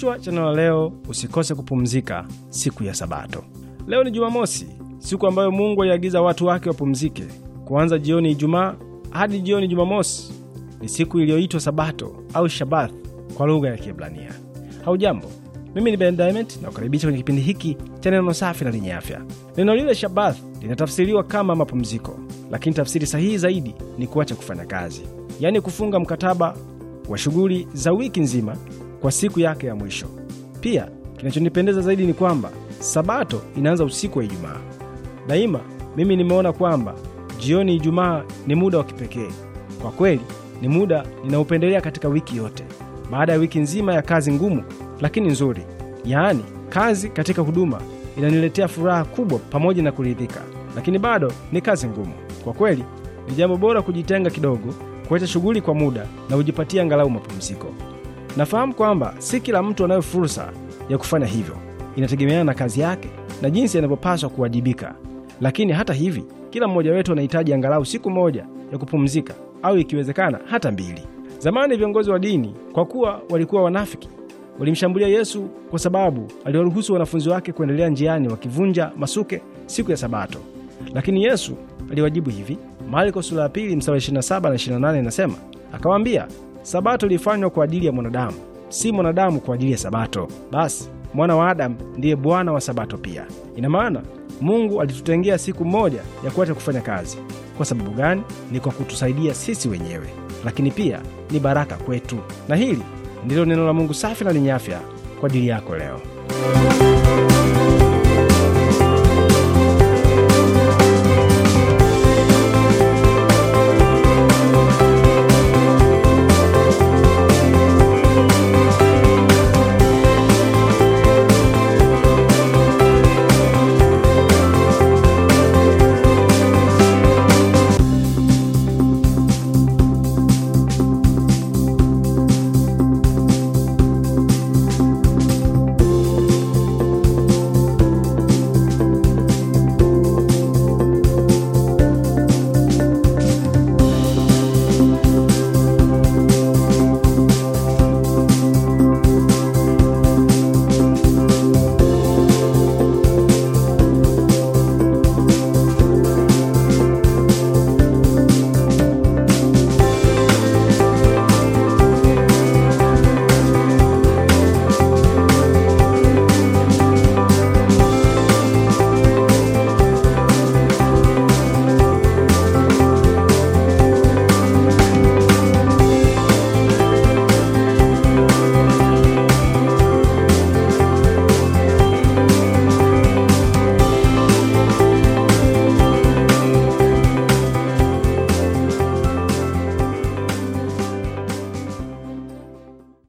Kichwa cha neno la leo: usikose kupumzika siku ya Sabato. Leo ni Jumamosi, siku ambayo Mungu aliagiza watu wake wapumzike, kuanza jioni Ijumaa hadi jioni Jumamosi. Ni siku iliyoitwa Sabato au Shabath kwa lugha ya Kiebrania. Haujambo, mimi ni Ben Diamond na kukaribisha kwenye kipindi hiki cha neno safi na lenye afya. Neno lile Shabath linatafsiriwa kama mapumziko, lakini tafsiri sahihi zaidi ni kuacha kufanya kazi, yaani kufunga mkataba wa shughuli za wiki nzima kwa siku yake ya mwisho. Pia kinachonipendeza zaidi ni kwamba Sabato inaanza usiku wa Ijumaa. Daima mimi nimeona kwamba jioni Ijumaa ni muda wa kipekee. Kwa kweli ni muda ninaupendelea katika wiki yote, baada ya wiki nzima ya kazi ngumu lakini nzuri. Yaani, kazi katika huduma inaniletea furaha kubwa pamoja na kuridhika, lakini bado ni kazi ngumu. Kwa kweli ni jambo bora kujitenga kidogo, kuacha shughuli kwa muda na kujipatia angalau mapumziko. Nafahamu kwamba si kila mtu anayo fursa ya kufanya hivyo, inategemeana na kazi yake na jinsi anavyopaswa kuwajibika. Lakini hata hivi, kila mmoja wetu anahitaji angalau siku moja ya kupumzika au ikiwezekana hata mbili. Zamani viongozi wa dini, kwa kuwa walikuwa wanafiki, walimshambulia Yesu kwa sababu aliwaruhusu wanafunzi wake kuendelea njiani wakivunja masuke siku ya Sabato. Lakini Yesu aliwajibu hivi, Marko sura ya pili mstari 27 na 28 inasema, akawaambia Sabato ilifanywa kwa ajili ya mwanadamu, si mwanadamu kwa ajili ya Sabato. Basi mwana wa Adamu ndiye bwana wa Sabato pia. Ina maana Mungu alitutengea siku moja ya kuacha kufanya kazi. Kwa sababu gani? Ni kwa kutusaidia sisi wenyewe, lakini pia ni baraka kwetu. Na hili ndilo neno la Mungu safi na lenye afya kwa ajili yako leo.